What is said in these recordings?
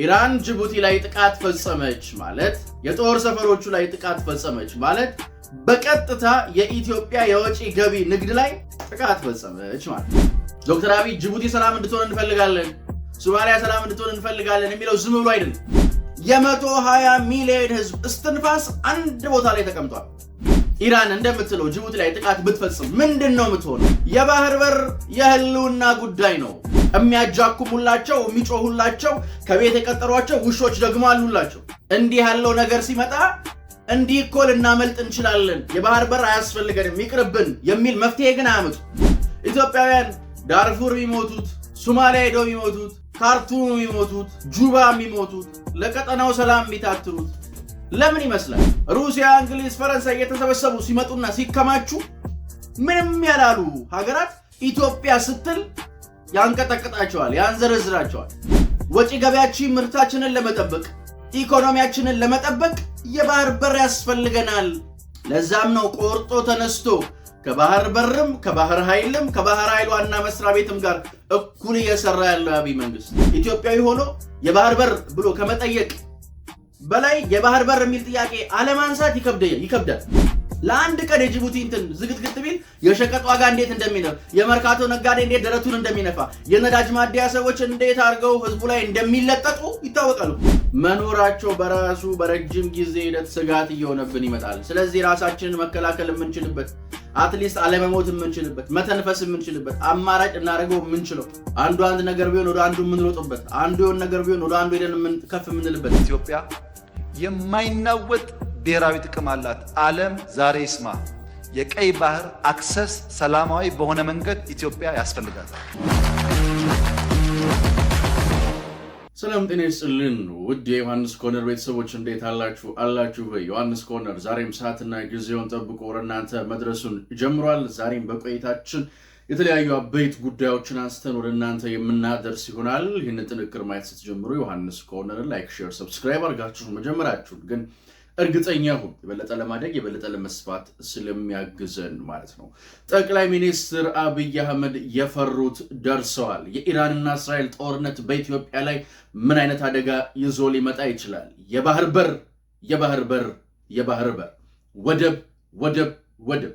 ኢራን ጅቡቲ ላይ ጥቃት ፈጸመች ማለት የጦር ሰፈሮቹ ላይ ጥቃት ፈጸመች ማለት በቀጥታ የኢትዮጵያ የወጪ ገቢ ንግድ ላይ ጥቃት ፈጸመች ማለት ነው። ዶክተር አብይ ጅቡቲ ሰላም እንድትሆን እንፈልጋለን፣ ሶማሊያ ሰላም እንድትሆን እንፈልጋለን የሚለው ዝም ብሎ አይደለም። የመቶ የ120 ሚሊዮን ህዝብ እስትንፋስ አንድ ቦታ ላይ ተቀምጧል። ኢራን እንደምትለው ጅቡቲ ላይ ጥቃት ብትፈጽም ምንድን ነው የምትሆነው? የባህር በር የህልውና ጉዳይ ነው። የሚያጃኩሙላቸው የሚጮሁላቸው፣ ከቤት የቀጠሯቸው ውሾች ደግሞ አሉላቸው። እንዲህ ያለው ነገር ሲመጣ እንዲህ እኮ ልናመልጥ እንችላለን፣ የባህር በር አያስፈልገንም፣ ይቅርብን የሚል መፍትሄ ግን አያመጡ። ኢትዮጵያውያን ዳርፉር የሚሞቱት፣ ሱማሊያ ሄደው የሚሞቱት፣ ካርቱም የሚሞቱት፣ ጁባ የሚሞቱት፣ ለቀጠናው ሰላም የሚታትሩት ለምን ይመስላል ሩሲያ፣ እንግሊዝ፣ ፈረንሳይ እየተሰበሰቡ ሲመጡና ሲከማቹ ምንም ያላሉ ሀገራት ኢትዮጵያ ስትል ያንቀጠቅጣቸዋል፣ ያንዘረዝራቸዋል። ወጪ ገቢያችን ምርታችንን ለመጠበቅ ኢኮኖሚያችንን ለመጠበቅ የባህር በር ያስፈልገናል። ለዛም ነው ቆርጦ ተነስቶ ከባህር በርም ከባህር ኃይልም ከባህር ኃይል ዋና መስሪያ ቤትም ጋር እኩል እየሰራ ያለው አብይ መንግስት ኢትዮጵያዊ ሆኖ የባህር በር ብሎ ከመጠየቅ በላይ የባህር በር የሚል ጥያቄ አለማንሳት ይከብዳል። ለአንድ ቀን የጅቡቲ እንትን ዝግትግት ቢል የሸቀጥ ዋጋ እንዴት እንደሚነፍ፣ የመርካቶ ነጋዴ እንዴት ደረቱን እንደሚነፋ፣ የነዳጅ ማደያ ሰዎች እንዴት አድርገው ህዝቡ ላይ እንደሚለጠጡ ይታወቃሉ። መኖራቸው በራሱ በረጅም ጊዜ ሂደት ስጋት እየሆነብን ይመጣል። ስለዚህ ራሳችንን መከላከል የምንችልበት አትሊስት አለመሞት የምንችልበት መተንፈስ የምንችልበት አማራጭ እናደርገው የምንችለው አንዱ አንድ ነገር ቢሆን ወደ አንዱ የምንሮጥበት አንዱ የሆን ነገር ቢሆን ወደ አንዱ ሄደን ከፍ የምንልበት ኢትዮጵያ የማይናወጥ ብሔራዊ ጥቅም አላት። ዓለም ዛሬ ይስማ፣ የቀይ ባህር አክሰስ ሰላማዊ በሆነ መንገድ ኢትዮጵያ ያስፈልጋታል። ሰላም ጤና ይስጥልን ውድ የዮሐንስ ኮርነር ቤተሰቦች እንዴት አላችሁ? አላችሁ በዮሐንስ ኮርነር ዛሬም ሰዓትና ጊዜውን ጠብቆ ወደ እናንተ መድረሱን ጀምሯል። ዛሬም በቆይታችን የተለያዩ አበይት ጉዳዮችን አንስተን ወደ እናንተ የምናደርስ ይሆናል። ይህንን ጥንቅር ማየት ስትጀምሩ ዮሐንስ ኮርነርን ላይክ፣ ሼር፣ ሰብስክራይብ አድርጋችሁን መጀመራችሁን ግን እርግጠኛ ሁን። የበለጠ ለማደግ የበለጠ ለመስፋት ስለሚያግዘን ማለት ነው። ጠቅላይ ሚኒስትር አብይ አህመድ የፈሩት ደርሰዋል። የኢራንና እስራኤል ጦርነት በኢትዮጵያ ላይ ምን አይነት አደጋ ይዞ ሊመጣ ይችላል? የባህር በር የባህር በር የባህር በር፣ ወደብ ወደብ ወደብ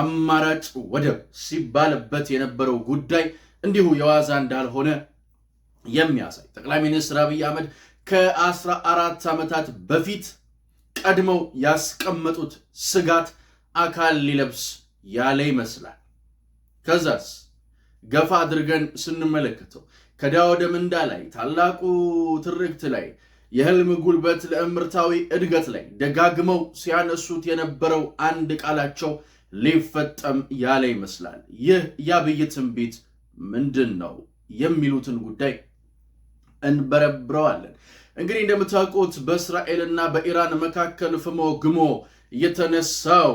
አማራጭ ወደብ ሲባልበት የነበረው ጉዳይ እንዲሁ የዋዛ እንዳልሆነ የሚያሳይ ጠቅላይ ሚኒስትር አብይ አህመድ ከአስራ አራት ዓመታት በፊት ቀድመው ያስቀመጡት ስጋት አካል ሊለብስ ያለ ይመስላል። ከዛስ ገፋ አድርገን ስንመለከተው ከዳ ወደ ምንዳ ላይ ታላቁ ትርክት ላይ የህልም ጉልበት ለእምርታዊ እድገት ላይ ደጋግመው ሲያነሱት የነበረው አንድ ቃላቸው ሊፈጠም ያለ ይመስላል። ይህ የአብይ ትንቢት ምንድን ነው የሚሉትን ጉዳይ እንበረብረዋለን። እንግዲህ እንደምታውቁት በእስራኤልና በኢራን መካከል ፍሞ ግሞ የተነሳው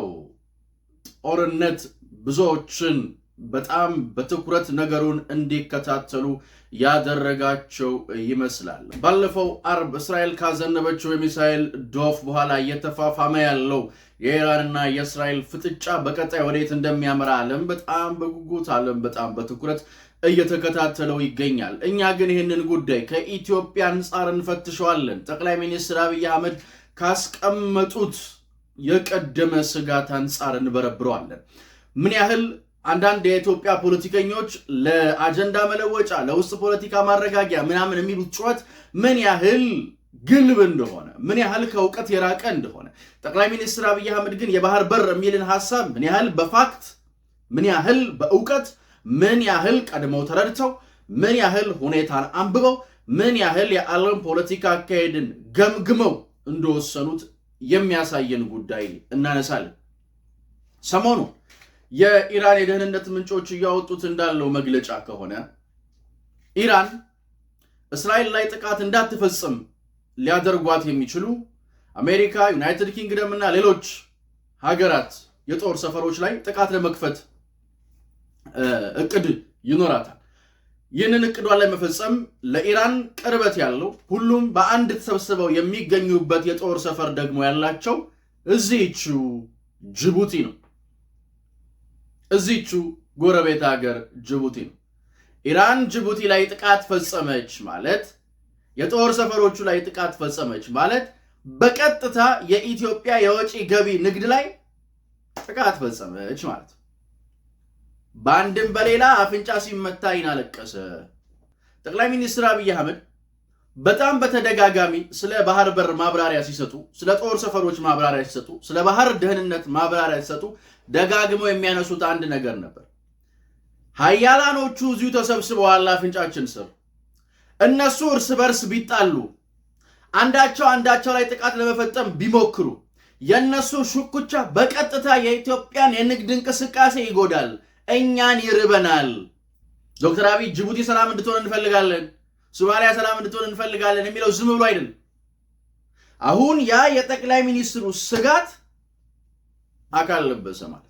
ጦርነት ብዙዎችን በጣም በትኩረት ነገሩን እንዲከታተሉ ያደረጋቸው ይመስላል። ባለፈው አርብ እስራኤል ካዘነበችው የሚሳኤል ዶፍ በኋላ እየተፋፋመ ያለው የኢራንና የእስራኤል ፍጥጫ በቀጣይ ወዴት እንደሚያመራ ዓለም በጣም በጉጉት ዓለም በጣም በትኩረት እየተከታተለው ይገኛል። እኛ ግን ይህንን ጉዳይ ከኢትዮጵያ አንጻር እንፈትሸዋለን። ጠቅላይ ሚኒስትር አብይ አህመድ ካስቀመጡት የቀደመ ስጋት አንጻር እንበረብረዋለን። ምን ያህል አንዳንድ የኢትዮጵያ ፖለቲከኞች ለአጀንዳ መለወጫ ለውስጥ ፖለቲካ ማረጋጊያ ምናምን የሚሉት ጩኸት ምን ያህል ግልብ እንደሆነ ምን ያህል ከእውቀት የራቀ እንደሆነ ጠቅላይ ሚኒስትር አብይ አህመድ ግን የባህር በር የሚልን ሀሳብ ምን ያህል በፋክት ምን ያህል በእውቀት ምን ያህል ቀድመው ተረድተው ምን ያህል ሁኔታን አንብበው ምን ያህል የዓለም ፖለቲካ አካሄድን ገምግመው እንደወሰኑት የሚያሳየን ጉዳይ እናነሳለን። ሰሞኑ የኢራን የደህንነት ምንጮች እያወጡት እንዳለው መግለጫ ከሆነ ኢራን እስራኤል ላይ ጥቃት እንዳትፈጽም ሊያደርጓት የሚችሉ አሜሪካ፣ ዩናይትድ ኪንግደም እና ሌሎች ሀገራት የጦር ሰፈሮች ላይ ጥቃት ለመክፈት እቅድ ይኖራታል። ይህንን እቅዷን ለመፈጸም ለኢራን ቅርበት ያለው ሁሉም በአንድ ተሰብስበው የሚገኙበት የጦር ሰፈር ደግሞ ያላቸው እዚህቹ ጅቡቲ ነው። እዚቹ ጎረቤት ሀገር ጅቡቲ ነው። ኢራን ጅቡቲ ላይ ጥቃት ፈጸመች ማለት የጦር ሰፈሮቹ ላይ ጥቃት ፈጸመች ማለት በቀጥታ የኢትዮጵያ የወጪ ገቢ ንግድ ላይ ጥቃት ፈጸመች ማለት ነው። በአንድም በሌላ አፍንጫ ሲመታ ይናለቀሰ ጠቅላይ ሚኒስትር አብይ አህመድ በጣም በተደጋጋሚ ስለ ባህር በር ማብራሪያ ሲሰጡ፣ ስለ ጦር ሰፈሮች ማብራሪያ ሲሰጡ፣ ስለ ባህር ደህንነት ማብራሪያ ሲሰጡ ደጋግመው የሚያነሱት አንድ ነገር ነበር። ሀያላኖቹ እዚሁ ተሰብስበዋል አፍንጫችን ስር። እነሱ እርስ በርስ ቢጣሉ፣ አንዳቸው አንዳቸው ላይ ጥቃት ለመፈጸም ቢሞክሩ የእነሱ ሹኩቻ በቀጥታ የኢትዮጵያን የንግድ እንቅስቃሴ ይጎዳል፣ እኛን ይርበናል። ዶክተር አብይ ጅቡቲ ሰላም እንድትሆን እንፈልጋለን፣ ሶማሊያ ሰላም እንድትሆን እንፈልጋለን የሚለው ዝም ብሎ አይደለም። አሁን ያ የጠቅላይ ሚኒስትሩ ስጋት አካል ለበሰ ማለት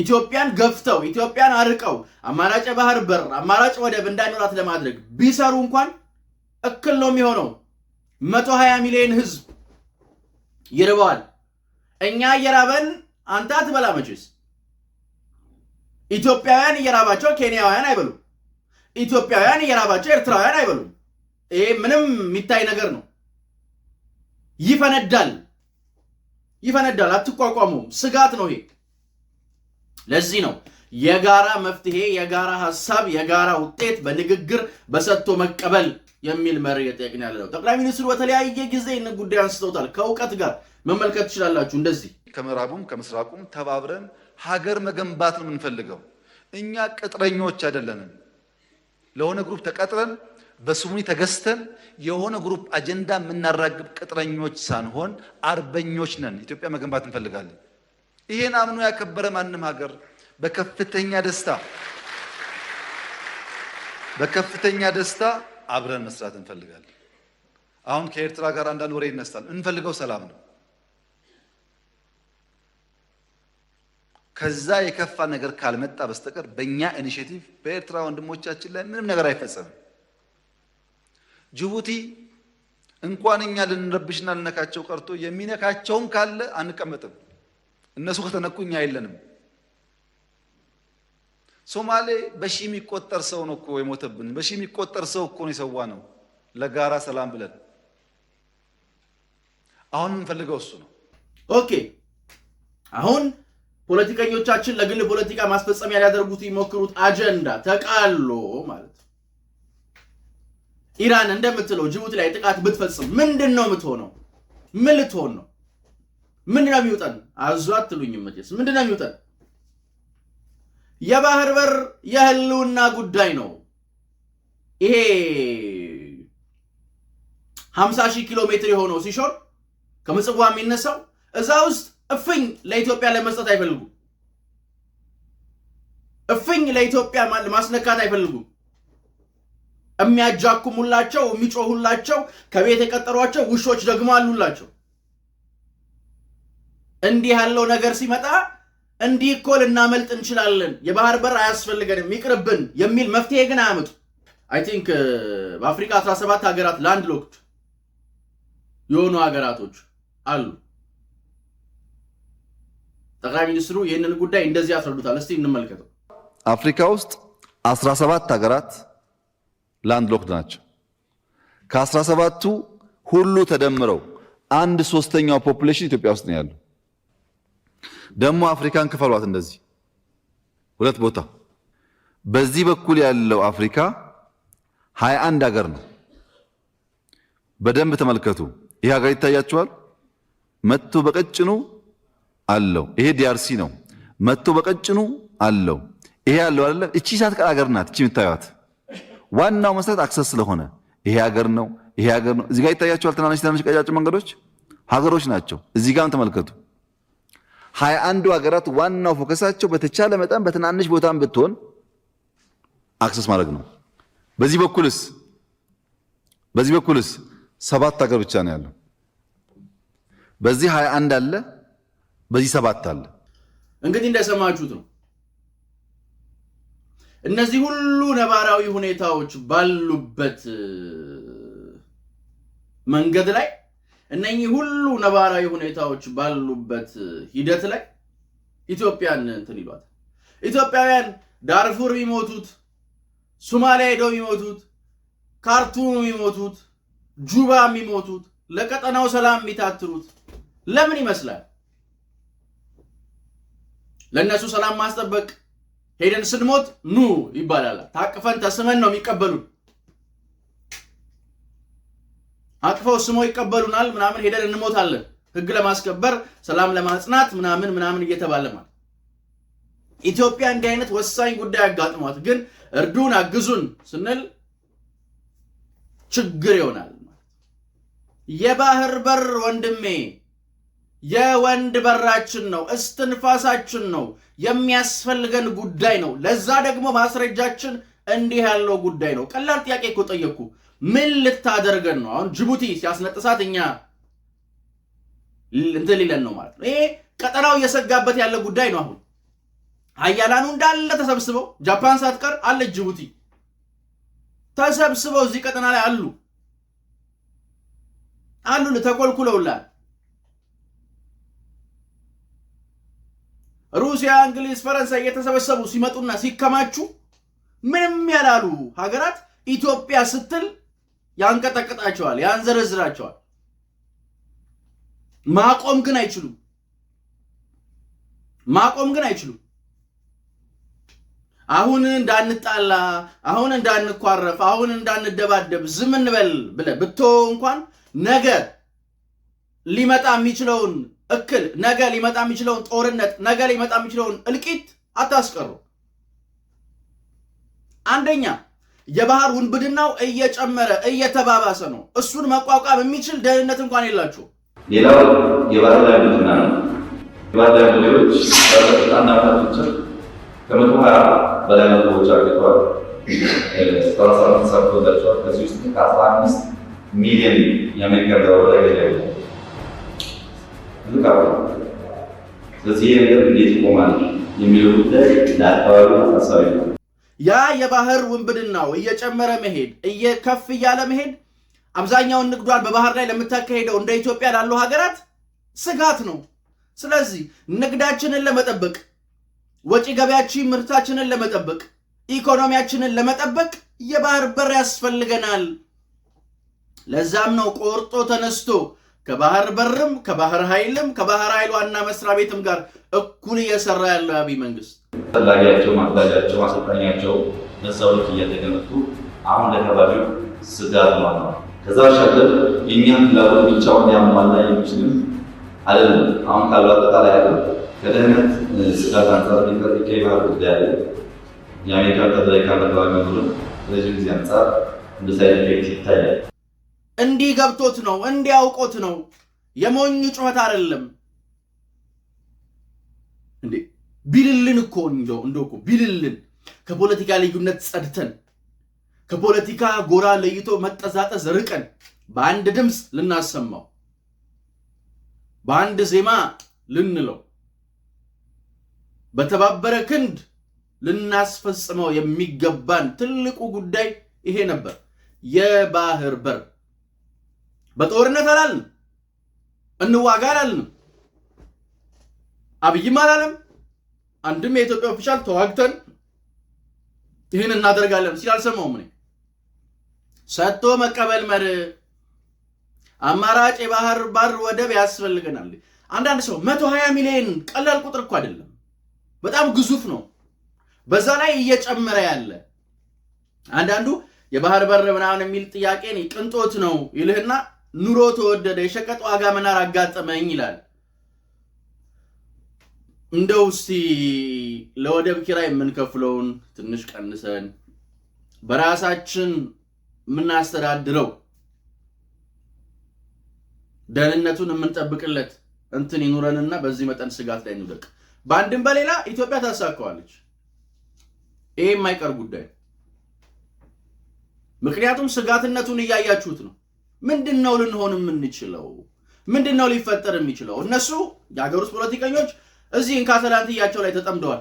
ኢትዮጵያን ገፍተው ኢትዮጵያን አርቀው አማራጭ ባህር በር አማራጭ ወደብ እንዳይኖራት ለማድረግ ቢሰሩ እንኳን እክል ነው የሚሆነው። 120 ሚሊዮን ህዝብ ይርበዋል። እኛ እየራበን አንተ አትበላ መቼስ። ኢትዮጵያውያን እየራባቸው ኬንያውያን አይበሉ ኢትዮጵያውያን እየራባቸው ኤርትራውያን አይበሉም። ይሄ ምንም የሚታይ ነገር ነው። ይፈነዳል። ይፈነዳል። አትቋቋመውም። ስጋት ነው ይሄ። ለዚህ ነው የጋራ መፍትሄ፣ የጋራ ሀሳብ፣ የጋራ ውጤት በንግግር በሰጥቶ መቀበል የሚል መሪ የጠቅን ያለው ጠቅላይ ሚኒስትሩ በተለያየ ጊዜ ይህንን ጉዳይ አንስተውታል። ከእውቀት ጋር መመልከት ትችላላችሁ። እንደዚህ ከምዕራቡም ከምስራቁም ተባብረን ሀገር መገንባት ነው የምንፈልገው። እኛ ቅጥረኞች አይደለንም። ለሆነ ግሩፕ ተቀጥረን በስሙ ተገዝተን የሆነ ግሩፕ አጀንዳ የምናራግብ ቅጥረኞች ሳንሆን አርበኞች ነን። ኢትዮጵያ መገንባት እንፈልጋለን። ይሄን አምኖ ያከበረ ማንም ሀገር በከፍተኛ ደስታ በከፍተኛ ደስታ አብረን መስራት እንፈልጋለን። አሁን ከኤርትራ ጋር አንዳንድ ወሬ ይነሳል። እንፈልገው ሰላም ነው። ከዛ የከፋ ነገር ካልመጣ በስተቀር በእኛ ኢኒሽቲቭ በኤርትራ ወንድሞቻችን ላይ ምንም ነገር አይፈጸምም። ጅቡቲ እንኳን እኛ ልንረብሽና ልነካቸው ቀርቶ የሚነካቸውም ካለ አንቀመጥም። እነሱ ከተነኩ እኛ የለንም። ሶማሌ በሺ የሚቆጠር ሰው ነው እኮ የሞተብን። በሺ የሚቆጠር ሰው እኮ ነው የሰዋ ነው ለጋራ ሰላም ብለን። አሁን የምንፈልገው እሱ ነው። ኦኬ አሁን ፖለቲከኞቻችን ለግል ፖለቲካ ማስፈጸሚያ ሊያደርጉት የሚሞክሩት አጀንዳ ተቃሎ ማለት ኢራን እንደምትለው ጅቡቲ ላይ ጥቃት ብትፈጽም ምንድን ነው የምትሆነው? ምን ልትሆን ነው? ምንድን ነው የሚውጠን? አዙ አትሉኝም መቼስ። ምንድን ነው የሚውጠን? የባህር በር የህልውና ጉዳይ ነው። ይሄ ሀምሳ ሺህ ኪሎ ሜትር የሆነው ሲሾር ከምጽዋ የሚነሳው እዛ ውስጥ እፍኝ ለኢትዮጵያ ለመስጠት አይፈልጉም። እፍኝ ለኢትዮጵያ ማስነካት አይፈልጉም። የሚያጃኩሙላቸው የሚጮሁላቸው ከቤት የቀጠሯቸው ውሾች ደግሞ አሉላቸው። እንዲህ ያለው ነገር ሲመጣ እንዲህ እኮ ልናመልጥ እንችላለን፣ የባህር በር አያስፈልገንም፣ ይቅርብን የሚል መፍትሄ ግን አያመጡ። አይ ቲንክ በአፍሪካ 17 ሀገራት ለአንድ ሎክድ የሆኑ ሀገራቶች አሉ። ጠቅላይ ሚኒስትሩ ይህንን ጉዳይ እንደዚህ ያስረዱታል። እስቲ እንመልከተው። አፍሪካ ውስጥ 17 ሀገራት ላንድ ሎክድ ናቸው። ከአስራ ሰባቱ ሁሉ ተደምረው አንድ ሶስተኛው ፖፑሌሽን ኢትዮጵያ ውስጥ ነው ያለው። ደግሞ አፍሪካን ክፈሏት እንደዚህ ሁለት ቦታ። በዚህ በኩል ያለው አፍሪካ ሀያ አንድ ሀገር ነው። በደንብ ተመልከቱ። ይህ ሀገር ይታያችኋል። መቶ በቀጭኑ አለው። ይሄ ዲያርሲ ነው። መቶ በቀጭኑ አለው። ይሄ ያለው አለ። እቺ ሳት ሀገር ናት። እቺ የምታዩት ዋናው መሰረት አክሰስ ስለሆነ ይሄ ሀገር ነው፣ ይሄ ሀገር ነው። እዚህ ጋር ይታያቸዋል። ትናንሽ ትናንሽ ቀጫጭ መንገዶች ሀገሮች ናቸው። እዚህ ጋርም ተመልከቱ። ሀያ አንዱ ሀገራት ዋናው ፎከሳቸው በተቻለ መጠን በትናንሽ ቦታም ብትሆን አክሰስ ማድረግ ነው። በዚህ በኩልስ በዚህ በኩልስ ሰባት ሀገር ብቻ ነው ያለው። በዚህ ሀያ አንድ አለ፣ በዚህ ሰባት አለ። እንግዲህ እንደሰማችሁት ነው። እነዚህ ሁሉ ነባራዊ ሁኔታዎች ባሉበት መንገድ ላይ እነኚህ ሁሉ ነባራዊ ሁኔታዎች ባሉበት ሂደት ላይ ኢትዮጵያን እንትን ይሏታል። ኢትዮጵያውያን ዳርፉር የሚሞቱት፣ ሱማሊያ ሄደው የሚሞቱት፣ ካርቱም የሚሞቱት፣ ጁባ የሚሞቱት፣ ለቀጠናው ሰላም የሚታትሩት ለምን ይመስላል? ለእነሱ ሰላም ማስጠበቅ ሄደን ስንሞት ኑ ይባላል። ታቅፈን ተስመን ነው የሚቀበሉን። አቅፈው ስሞ ይቀበሉናል ምናምን፣ ሄደን እንሞታለን። ህግ ለማስከበር ሰላም ለማጽናት ምናምን ምናምን እየተባለ ማለት ኢትዮጵያ እንዲህ አይነት ወሳኝ ጉዳይ አጋጥሟት ግን እርዱን አግዙን ስንል ችግር ይሆናል። የባህር በር ወንድሜ የወንድ በራችን ነው፣ እስትንፋሳችን ነው፣ የሚያስፈልገን ጉዳይ ነው። ለዛ ደግሞ ማስረጃችን እንዲህ ያለው ጉዳይ ነው። ቀላል ጥያቄ እኮ ጠየቅኩ። ምን ልታደርገን ነው? አሁን ጅቡቲ ሲያስነጥሳት እኛ እንትን ሊለን ነው ማለት ነው። ይሄ ቀጠናው እየሰጋበት ያለ ጉዳይ ነው። አሁን አያላኑ እንዳለ ተሰብስበው ጃፓን ሳትቀር አለች ጅቡቲ ተሰብስበው እዚህ ቀጠና ላይ አሉ አሉ ተኮልኩለውላል ሩሲያ፣ እንግሊዝ፣ ፈረንሳይ እየተሰበሰቡ ሲመጡና ሲከማቹ ምንም ያላሉ ሀገራት ኢትዮጵያ ስትል ያንቀጠቅጣቸዋል፣ ያንዘረዝራቸዋል። ማቆም ግን አይችሉም። ማቆም ግን አይችሉም። አሁን እንዳንጣላ፣ አሁን እንዳንኳረፍ፣ አሁን እንዳንደባደብ ዝም እንበል ብለህ ብቶ እንኳን ነገ ሊመጣ የሚችለውን እክል፣ ነገ ሊመጣ የሚችለውን ጦርነት፣ ነገ ሊመጣ የሚችለውን እልቂት አታስቀሩ። አንደኛ የባህር ውንብድናው እየጨመረ እየተባባሰ ነው። እሱን መቋቋም የሚችል ደህንነት እንኳን የላችሁ። ሌላው የባህር ላይ ውንብድና ነው። የባህር ላይ ሌሎች ጣና ፋቶችን ከመቶ ሀያ በላይ መቶዎች አግኝተዋል። ሰራሰራት ተሳርቶላቸዋል። ከዚህ ውስጥ ከአስራ አምስት ሚሊዮን የአሜሪካ ዶላር ላይ ገዳይ ብዙ ስለዚህ ነገር እንዴት ይቆማል የሚለው ጉዳይ ነው። ያ የባህር ውንብድናው እየጨመረ መሄድ እየከፍ እያለ መሄድ አብዛኛውን ንግዷን በባህር ላይ ለምታካሄደው እንደ ኢትዮጵያ ላሉ ሀገራት ስጋት ነው። ስለዚህ ንግዳችንን ለመጠበቅ ወጪ ገበያችን ምርታችንን ለመጠበቅ ኢኮኖሚያችንን ለመጠበቅ የባህር በር ያስፈልገናል። ለዛም ነው ቆርጦ ተነስቶ ከባህር በርም ከባህር ኃይልም ከባህር ኃይል ዋና መስሪያ ቤትም ጋር እኩል እየሰራ ያለው አብይ መንግስት ፈላጊያቸው፣ ማቅዳጃቸው፣ አሰልጣኛቸው በዛው ልክ እያደገመጡ አሁን ለከባቢው ስጋት ማለት ነው። ከዛ ባሻገር የእኛን ፍላጎት ብቻውን ያሟላ የሚችልም አለም አሁን ካሉ አጠቃላይ ያለ ከደህንነት ስጋት አንጻር ሊፈርቅ የባህር ጉዳይ አለ። የአሜሪካ ጠቅላይ ካለ ከባቢ ረዥም ጊዜ አንጻር እንደሳይ አይነት ይታያል። እንዲህ ገብቶት ነው፣ እንዲህ አውቆት ነው። የሞኝ ጩኸት አይደለም እንዴ! ቢልልን እኮ እንደው እኮ ቢልልን ከፖለቲካ ልዩነት ጸድተን ከፖለቲካ ጎራ ለይቶ መጠዛጠዝ ርቀን በአንድ ድምፅ ልናሰማው በአንድ ዜማ ልንለው በተባበረ ክንድ ልናስፈጽመው የሚገባን ትልቁ ጉዳይ ይሄ ነበር። የባህር በር በጦርነት አላልን እንዋጋ አላልን። አብይም አላለም። አንድም የኢትዮጵያ ኦፊሻል ተዋግተን ይህን እናደርጋለን ሲል አልሰማውም። እኔ ሰጥቶ መቀበል መር አማራጭ የባህር በር ወደብ ያስፈልገናል። አንዳንድ ሰው 120 ሚሊዮን ቀላል ቁጥር እኮ አይደለም፣ በጣም ግዙፍ ነው። በዛ ላይ እየጨመረ ያለ አንዳንዱ የባህር በር ምናምን የሚል ጥያቄ ቅንጦት ነው ይልህና ኑሮ ተወደደ፣ የሸቀጥ ዋጋ መናር አጋጠመኝ ይላል። እንደው እስቲ ለወደብ ኪራይ የምንከፍለውን ትንሽ ቀንሰን በራሳችን የምናስተዳድረው ደህንነቱን የምንጠብቅለት እንትን ይኑረንና በዚህ መጠን ስጋት ላይ እንውደቅ። በአንድም በሌላ ኢትዮጵያ ታሳካዋለች። ይሄ የማይቀር ጉዳይ ምክንያቱም ስጋትነቱን እያያችሁት ነው። ምንድን ነው ልንሆን የምንችለው? ምንድን ነው ሊፈጠር የሚችለው? እነሱ የሀገር ውስጥ ፖለቲከኞች እዚህ እንካሰላንትያቸው ላይ ተጠምደዋል።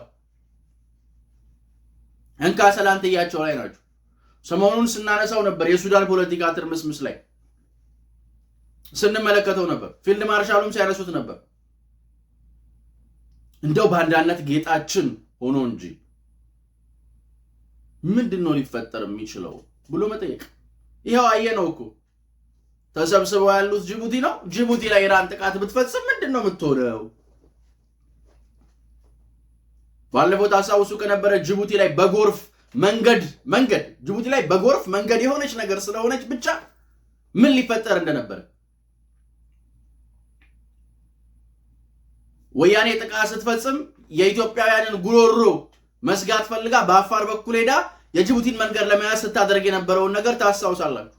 እንካሰላንትያቸው ላይ ናቸው። ሰሞኑን ስናነሳው ነበር። የሱዳን ፖለቲካ ትርምስምስ ላይ ስንመለከተው ነበር። ፊልድ ማርሻሉም ሲያነሱት ነበር። እንደው በአንዳነት ጌጣችን ሆኖ እንጂ ምንድን ነው ሊፈጠር የሚችለው ብሎ መጠየቅ። ይኸው አየ ነው እኮ ተሰብስበው ያሉት ጅቡቲ ነው። ጅቡቲ ላይ ኢራን ጥቃት ብትፈጽም ምንድን ነው የምትሆነው? ባለፈው ታስታውሱ ከነበረ ጅቡቲ ላይ በጎርፍ መንገድ መንገድ ጅቡቲ ላይ በጎርፍ መንገድ የሆነች ነገር ስለሆነች ብቻ ምን ሊፈጠር እንደነበረ ወያኔ ጥቃት ስትፈጽም የኢትዮጵያውያንን ጉሮሮ መስጋት ፈልጋ በአፋር በኩል ሄዳ የጅቡቲን መንገድ ለመያዝ ስታደርግ የነበረውን ነገር ታስታውሳላችሁ።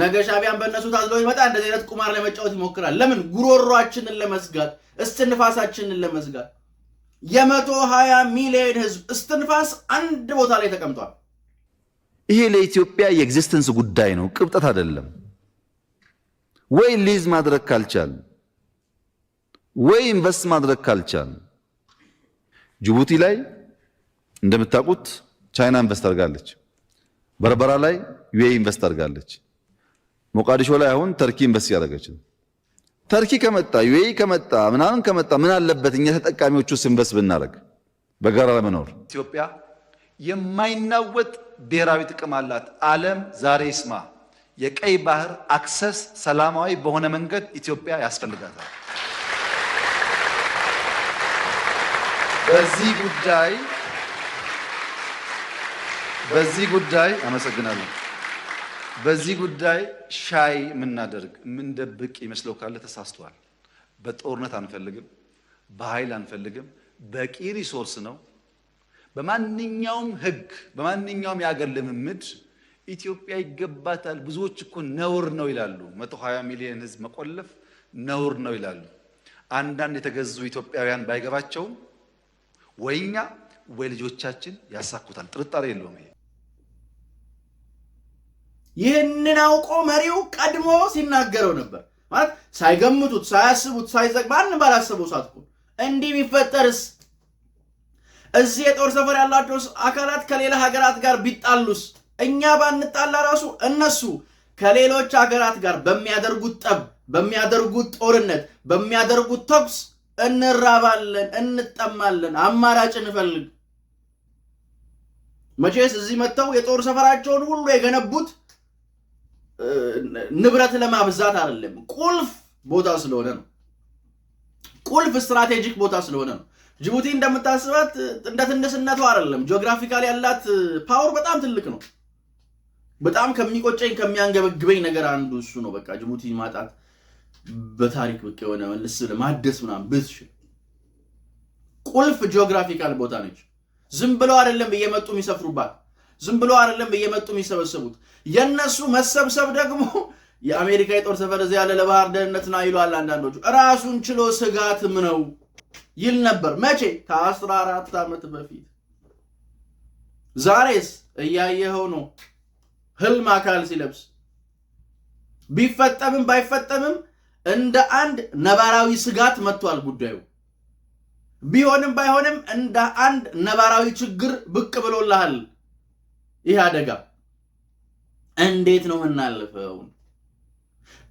ነገ ሻቢያን በእነሱ ታዝሎ ይመጣ እንደዚህ አይነት ቁማር ለመጫወት ይሞክራል። ለምን ጉሮሯችንን ለመዝጋት እስትንፋሳችንን ለመዝጋት የመቶ ሀያ ሚሊዮን ህዝብ እስትንፋስ አንድ ቦታ ላይ ተቀምጧል። ይሄ ለኢትዮጵያ የኤግዚስተንስ ጉዳይ ነው፣ ቅብጠት አይደለም። ወይ ሊዝ ማድረግ ካልቻል ወይ ኢንቨስት ማድረግ ካልቻል ጅቡቲ ላይ እንደምታውቁት ቻይና ኢንቨስት አድርጋለች። በርበራ ላይ ዩኤ ኢንቨስት አድርጋለች። ሞቃዲሾ ላይ አሁን ተርኪ ኢንቨስት እያደረገች ነው። ተርኪ ከመጣ ዩኤኢ ከመጣ ምናምን ከመጣ ምን አለበት እኛ ተጠቃሚዎቹ ስንበስ ብናደርግ በጋራ ለመኖር። ኢትዮጵያ የማይናወጥ ብሔራዊ ጥቅም አላት። ዓለም ዛሬ ይስማ። የቀይ ባህር አክሰስ ሰላማዊ በሆነ መንገድ ኢትዮጵያ ያስፈልጋታል። በዚህ ጉዳይ በዚህ ጉዳይ አመሰግናለሁ። በዚህ ጉዳይ ሻይ የምናደርግ የምንደብቅ ይመስለው ካለ ተሳስተዋል። በጦርነት አንፈልግም፣ በኃይል አንፈልግም። በቂ ሪሶርስ ነው። በማንኛውም ህግ በማንኛውም የአገር ልምምድ ኢትዮጵያ ይገባታል። ብዙዎች እኮ ነውር ነው ይላሉ። 120 ሚሊዮን ህዝብ መቆለፍ ነውር ነው ይላሉ። አንዳንድ የተገዙ ኢትዮጵያውያን ባይገባቸውም ወይኛ ወይ ልጆቻችን ያሳኩታል። ጥርጣሬ የለውም። ይህንን አውቆ መሪው ቀድሞ ሲናገረው ነበር። ማለት ሳይገምቱት፣ ሳያስቡት፣ ሳይዘግ ማን ባላሰበው ሰዓት እንዲህ ቢፈጠርስ? እዚህ የጦር ሰፈር ያላቸው አካላት ከሌላ ሀገራት ጋር ቢጣሉስ? እኛ ባንጣላ ራሱ እነሱ ከሌሎች ሀገራት ጋር በሚያደርጉት ጠብ፣ በሚያደርጉት ጦርነት፣ በሚያደርጉት ተኩስ እንራባለን፣ እንጠማለን፣ አማራጭ እንፈልግ። መቼስ እዚህ መጥተው የጦር ሰፈራቸውን ሁሉ የገነቡት ንብረት ለማብዛት አይደለም፣ ቁልፍ ቦታ ስለሆነ ነው። ቁልፍ ስትራቴጂክ ቦታ ስለሆነ ነው። ጅቡቲ እንደምታስባት እንደ ትንሽነቷ አይደለም። ጂኦግራፊካል ያላት ፓወር በጣም ትልቅ ነው። በጣም ከሚቆጨኝ ከሚያንገበግበኝ ነገር አንዱ እሱ ነው። በቃ ጅቡቲ ማጣት በታሪክ ብቅ የሆነ መልስ ለማደስ ምናምን ብትችል ቁልፍ ጂኦግራፊካል ቦታ ነች። ዝም ብለው አይደለም እየመጡ የሚሰፍሩባት ዝም ብሎ አይደለም እየመጡ የሚሰበሰቡት። የነሱ መሰብሰብ ደግሞ የአሜሪካ የጦር ሰፈር እዚህ ያለ ለባህር ደህንነት ና ይሏል አንዳንዶቹ። ራሱን ችሎ ስጋትም ነው ይል ነበር። መቼ? ከአስራ አራት ዓመት በፊት። ዛሬስ እያየኸው ነው። ህልም አካል ሲለብስ ቢፈጠምም ባይፈጠምም እንደ አንድ ነባራዊ ስጋት መጥቷል ጉዳዩ። ቢሆንም ባይሆንም እንደ አንድ ነባራዊ ችግር ብቅ ብሎልሃል። ይህ አደጋ እንዴት ነው የምናልፈው?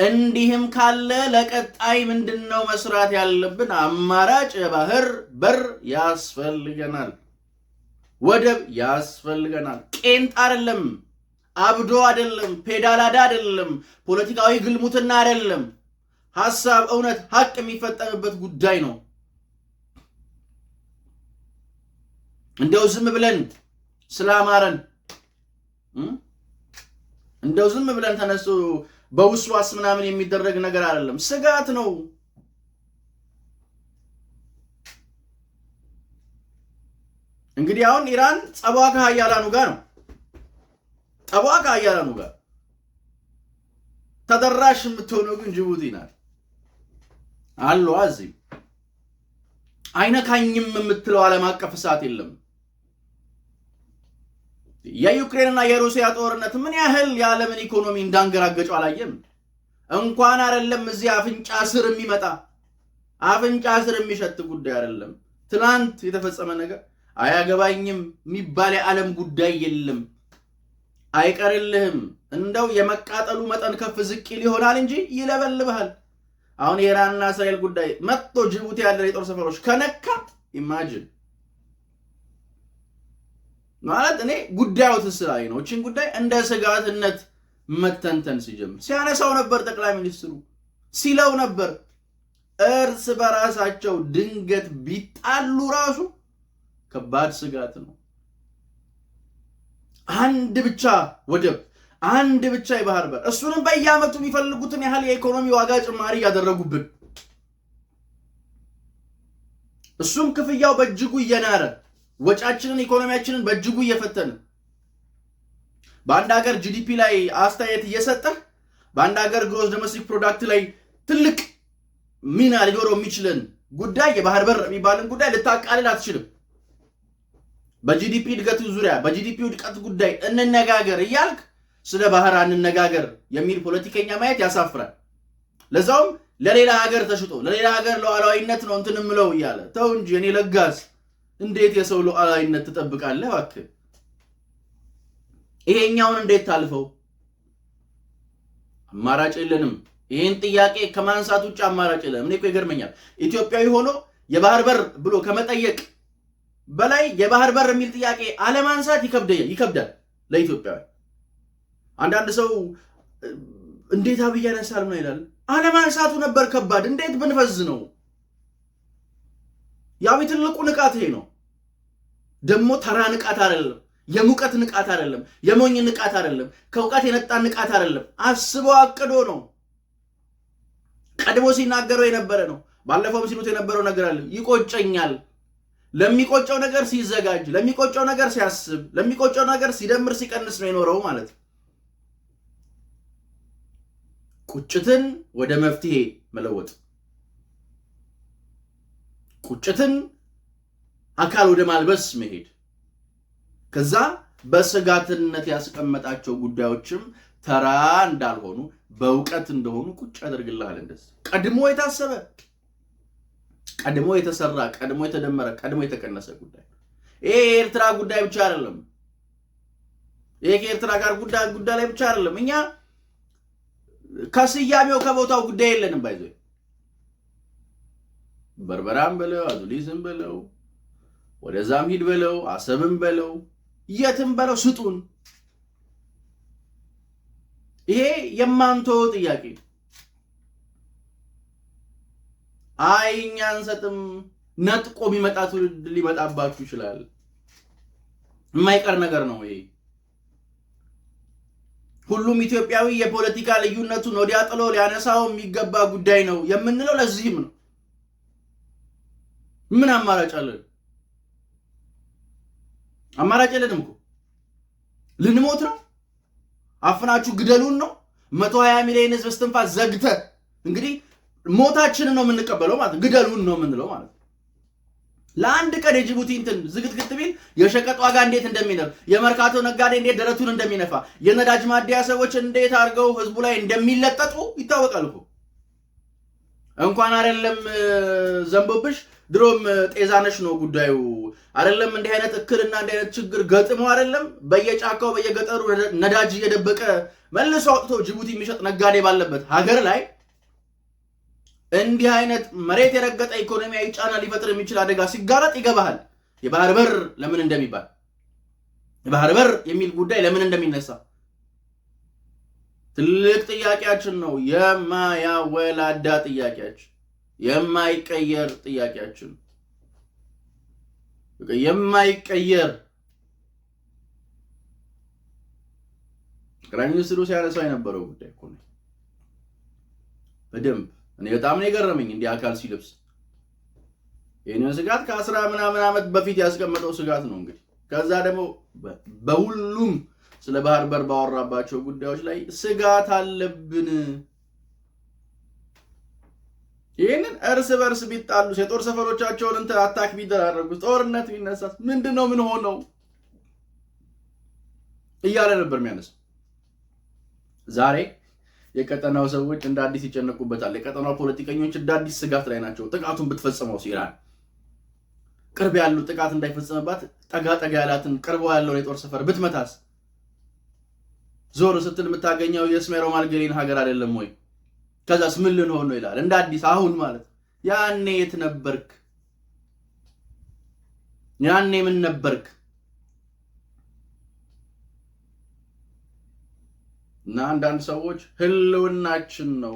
እንዲህም ካለ ለቀጣይ ምንድን ነው መስራት ያለብን? አማራጭ የባህር በር ያስፈልገናል፣ ወደብ ያስፈልገናል። ቄንጥ አይደለም፣ አብዶ አይደለም፣ ፔዳላዳ አይደለም፣ ፖለቲካዊ ግልሙትና አይደለም። ሐሳብ፣ እውነት፣ ሀቅ የሚፈጠምበት ጉዳይ ነው። እንደው ዝም ብለን ስላማረን እንደው ዝም ብለን ተነሱ በውስዋስ ምናምን የሚደረግ ነገር አይደለም። ስጋት ነው። እንግዲህ አሁን ኢራን ጸቧ ከሀያላኑ ጋር ነው። ጸቧ ከሀያላኑ ጋር ተደራሽ የምትሆነው ግን ጅቡቲ ናት። አሏ እዚህ አይነካኝም የምትለው ዓለም አቀፍ እሳት የለም። የዩክሬንና የሩሲያ ጦርነት ምን ያህል የዓለምን ኢኮኖሚ እንዳንገራገጩ አላየም? እንኳን አይደለም እዚህ አፍንጫ ስር የሚመጣ አፍንጫ ስር የሚሸት ጉዳይ አይደለም። ትናንት የተፈጸመ ነገር አያገባኝም የሚባል የዓለም ጉዳይ የለም። አይቀርልህም። እንደው የመቃጠሉ መጠን ከፍ ዝቅ ሊሆናል እንጂ ይለበልብሃል። አሁን የኢራንና እስራኤል ጉዳይ መጥቶ ጅቡቲ ያለን የጦር ሰፈሮች ከነካ ኢማጅን ማለት እኔ ጉዳዩ ትስራዊ ነው። እችን ጉዳይ እንደ ስጋትነት መተንተን ሲጀምር ሲያነሳው ነበር ጠቅላይ ሚኒስትሩ ሲለው ነበር። እርስ በራሳቸው ድንገት ቢጣሉ ራሱ ከባድ ስጋት ነው። አንድ ብቻ ወደብ፣ አንድ ብቻ የባህር በር፣ እሱንም በየዓመቱ የሚፈልጉትን ያህል የኢኮኖሚ ዋጋ ጭማሪ እያደረጉብን፣ እሱም ክፍያው በእጅጉ እየናረ ወጫችንን ኢኮኖሚያችንን በእጅጉ እየፈተነ በአንድ ሀገር ጂዲፒ ላይ አስተያየት እየሰጠ በአንድ ሀገር ግሮስ ዶሜስቲክ ፕሮዳክት ላይ ትልቅ ሚና ሊኖረው የሚችልን ጉዳይ የባህር በር የሚባልን ጉዳይ ልታቃልል አትችልም። በጂዲፒ እድገት ዙሪያ በጂዲፒ ውድቀት ጉዳይ እንነጋገር እያልክ ስለ ባህር አንነጋገር የሚል ፖለቲከኛ ማየት ያሳፍራል። ለዛውም ለሌላ ሀገር ተሽጦ ለሌላ ሀገር ለዋላዊነት ነው እንትን ምለው እያለ ተው እንጂ እኔ ለጋስ እንዴት የሰው ሉዓላዊነት ትጠብቃለህ? እባክህ ይሄኛውን እንዴት ታልፈው? አማራጭ የለንም። ይህን ጥያቄ ከማንሳት ውጭ አማራጭ የለንም። እኔ እኮ ይገርመኛል ኢትዮጵያዊ ሆኖ የባህር በር ብሎ ከመጠየቅ በላይ የባህር በር የሚል ጥያቄ አለማንሳት ይከብዳል ለኢትዮጵያዊ። አንዳንድ ሰው እንዴት አብይ ያነሳል ነው ይላል። አለማንሳቱ ነበር ከባድ። እንዴት ብንፈዝ ነው የአብይ ትልቁ ንቃት ይሄ ነው። ደግሞ ተራ ንቃት አይደለም። የሙቀት ንቃት አይደለም። የሞኝ ንቃት አይደለም። ከእውቀት የነጣ ንቃት አይደለም። አስቦ አቅዶ ነው። ቀድሞ ሲናገረው የነበረ ነው። ባለፈውም ሲሉት የነበረው ነገር አለ። ይቆጨኛል። ለሚቆጨው ነገር ሲዘጋጅ፣ ለሚቆጨው ነገር ሲያስብ፣ ለሚቆጨው ነገር ሲደምር ሲቀንስ ነው የኖረው ማለት ነው። ቁጭትን ወደ መፍትሄ መለወጥ ቁጭትን አካል ወደ ማልበስ መሄድ ከዛ በስጋትነት ያስቀመጣቸው ጉዳዮችም ተራ እንዳልሆኑ በእውቀት እንደሆኑ ቁጭ ያደርግልሃል። እንደዚህ ቀድሞ የታሰበ ቀድሞ የተሰራ ቀድሞ የተደመረ ቀድሞ የተቀነሰ ጉዳይ ይሄ የኤርትራ ጉዳይ ብቻ አይደለም። ይሄ ከኤርትራ ጋር ጉዳይ ጉዳይ ላይ ብቻ አይደለም። እኛ ከስያሜው ከቦታው ጉዳይ የለንም። ባይዞ በርበራም ብለው አዙሊዝም ብለው ወደዛም ሂድ በለው፣ አሰብም በለው፣ የትም በለው ስጡን። ይሄ የማንቶ ጥያቄ ነው። አይ እኛ አንሰጥም፣ ነጥቆ የሚመጣ ትውልድ ሊመጣባችሁ ይችላል። የማይቀር ነገር ነው ይሄ። ሁሉም ኢትዮጵያዊ የፖለቲካ ልዩነቱን ወዲያ ጥሎ ሊያነሳው የሚገባ ጉዳይ ነው የምንለው ለዚህም ነው። ምን አማራጭ አለን? አማራጭ የለንም እኮ ልንሞት ነው። አፍናችሁ ግደሉን ነው መቶ ሀያ ሚሊዮን ህዝብ እስትንፋስ ዘግተ እንግዲህ ሞታችንን ነው የምንቀበለው ማለት ነው። ግደሉን ነው የምንለው ማለት ነው። ለአንድ ቀን የጅቡቲ እንትን ዝግትግት ቢል የሸቀጥ ዋጋ እንዴት እንደሚነፍ፣ የመርካቶ ነጋዴ እንዴት ደረቱን እንደሚነፋ፣ የነዳጅ ማደያ ሰዎች እንዴት አድርገው ህዝቡ ላይ እንደሚለጠጡ ይታወቃል እኮ እንኳን አይደለም ዘንቦብሽ ድሮም ጤዛነሽ ነው ጉዳዩ አይደለም። እንዲህ አይነት እክልና እንዲህ አይነት ችግር ገጥሞ አይደለም በየጫካው በየገጠሩ ነዳጅ እየደበቀ መልሶ አውጥቶ ጅቡቲ የሚሸጥ ነጋዴ ባለበት ሀገር ላይ እንዲህ አይነት መሬት የረገጠ ኢኮኖሚያዊ ጫና ሊፈጥር የሚችል አደጋ ሲጋረጥ ይገባሃል። የባህር በር ለምን እንደሚባል የባህር በር የሚል ጉዳይ ለምን እንደሚነሳ ትልቅ ጥያቄያችን ነው፣ የማያወላዳ ጥያቄያችን የማይቀየር ጥያቄያችን የማይቀየር ጠቅላይ ሚኒስትሩ ሲያነሳው የነበረው ጉዳይ እኮ ነው። በደንብ እኔ በጣም ነው የገረመኝ። እንዲህ አካል ሲለብስ ይህንን ስጋት ከአስራ ምናምን ዓመት በፊት ያስቀመጠው ስጋት ነው እንግዲህ ከዛ ደግሞ በሁሉም ስለ ባህር በር ባወራባቸው ጉዳዮች ላይ ስጋት አለብን ይህንን እርስ በርስ ቢጣሉስ የጦር ሰፈሮቻቸውን እንት አታክ ቢደራረጉስ ጦርነት ቢነሳስ ምንድን ነው ምን ሆነው እያለ ነበር የሚያነሳው። ዛሬ የቀጠናው ሰዎች እንደ አዲስ ይጨነቁበታል። የቀጠናው ፖለቲከኞች እንደ አዲስ ስጋት ላይ ናቸው። ጥቃቱን ብትፈጽመው ሲራል ቅርብ ያሉ ጥቃት እንዳይፈጸምባት ጠጋ ጠጋ ያላትን ቅርቧ ያለውን የጦር ሰፈር ብትመታስ ዞር ስትል የምታገኘው የእስሜሮ ማልጌሪን ሀገር አይደለም ወይ? ከዛስ ምን ልንሆን ነው ይላል። እንደ አዲስ አሁን ማለት ያኔ የት ነበርክ? ያኔ ምን ነበርክ? እና አንዳንድ ሰዎች ህልውናችን ነው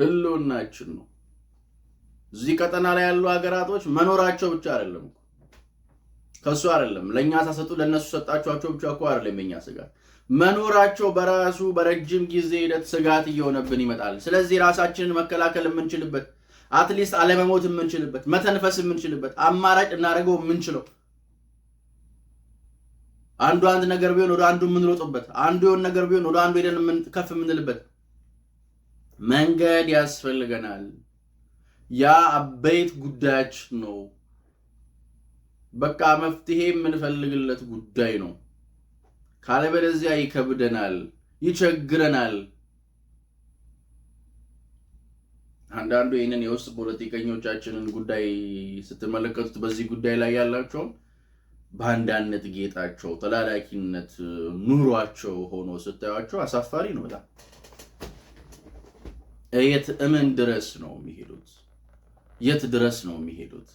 ህልውናችን ነው። እዚህ ቀጠና ላይ ያሉ ሀገራቶች መኖራቸው ብቻ አይደለም ከሱ አይደለም ለእኛ ሳሰጡ ለእነሱ ሰጣችኋቸው ብቻ እኮ አይደለም የኛ ስጋት መኖራቸው በራሱ በረጅም ጊዜ ሂደት ስጋት እየሆነብን ይመጣል። ስለዚህ ራሳችንን መከላከል የምንችልበት አትሊስት አለመሞት የምንችልበት መተንፈስ የምንችልበት አማራጭ እናደርገው የምንችለው አንዱ አንድ ነገር ቢሆን ወደ አንዱ የምንሮጥበት አንዱ የሆነ ነገር ቢሆን ወደ አንዱ ሄደን ከፍ የምንልበት መንገድ ያስፈልገናል። ያ አበይት ጉዳያችን ነው። በቃ መፍትሄ የምንፈልግለት ጉዳይ ነው። ካለበለዚያ ይከብደናል፣ ይቸግረናል። አንዳንዱ ይህንን የውስጥ ፖለቲከኞቻችንን ጉዳይ ስትመለከቱት በዚህ ጉዳይ ላይ ያላቸውን በአንዳነት ጌጣቸው ተላላኪነት ኑሯቸው ሆኖ ስታዩቸው አሳፋሪ ነው። በጣም የት እምን ድረስ ነው የሚሄዱት? የት ድረስ ነው የሚሄዱት?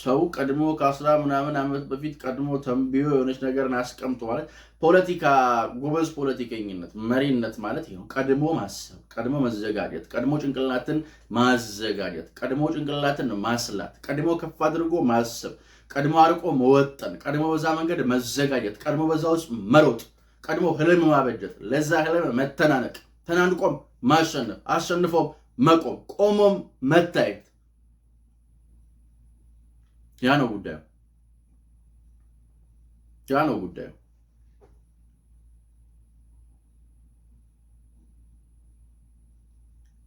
ሰው ቀድሞ ከአስራ ምናምን ዓመት በፊት ቀድሞ ተንብዮ የሆነች ነገርን አስቀምጦ ማለት ፖለቲካ ጎበዝ ፖለቲከኝነት መሪነት ማለት ነው ቀድሞ ማሰብ፣ ቀድሞ መዘጋጀት፣ ቀድሞ ጭንቅላትን ማዘጋጀት፣ ቀድሞ ጭንቅላትን ማስላት፣ ቀድሞ ከፍ አድርጎ ማሰብ፣ ቀድሞ አርቆ መወጠን፣ ቀድሞ በዛ መንገድ መዘጋጀት፣ ቀድሞ በዛ ውስጥ መሮጥ፣ ቀድሞ ህልም ማበጀት፣ ለዛ ህልም መተናነቅ፣ ተናንቆም ማሸነፍ፣ አሸንፎም መቆም፣ ቆሞም መታየት ያ ነው ጉዳዩ። ያ ነው ጉዳዩ።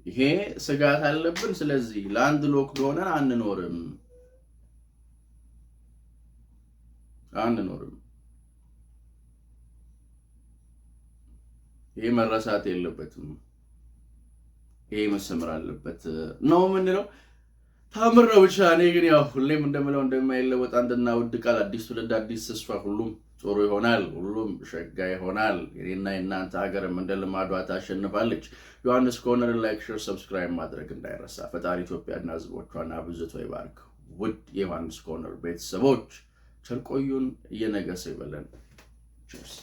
ይሄ ስጋት አለብን። ስለዚህ ላንድ ሎክ ሆነን አንኖርም አንኖርም። ይሄ መረሳት የለበትም። ይሄ መሰመር አለበት ነው የምንለው። ታምር ነው ብቻ። እኔ ግን ያው ሁሌም እንደምለው እንደማይለወጥ አንድና ውድ ቃል አዲስ ትውልድ አዲስ ተስፋ፣ ሁሉም ጥሩ ይሆናል፣ ሁሉም ሸጋ ይሆናል። የኔና የእናንተ ሀገርም እንደ ልማዷ ታሸንፋለች። ዮሐንስ ኮርነር ላይክ፣ ሼር፣ ሰብስክራይብ ማድረግ እንዳይረሳ። ፈጣሪ ኢትዮጵያና ሕዝቦቿን አብዝቶ ይባርክ። ውድ የዮሐንስ ኮርነር ቤተሰቦች ቸርቆዩን እየነገሰ ይበለን። ቼርስ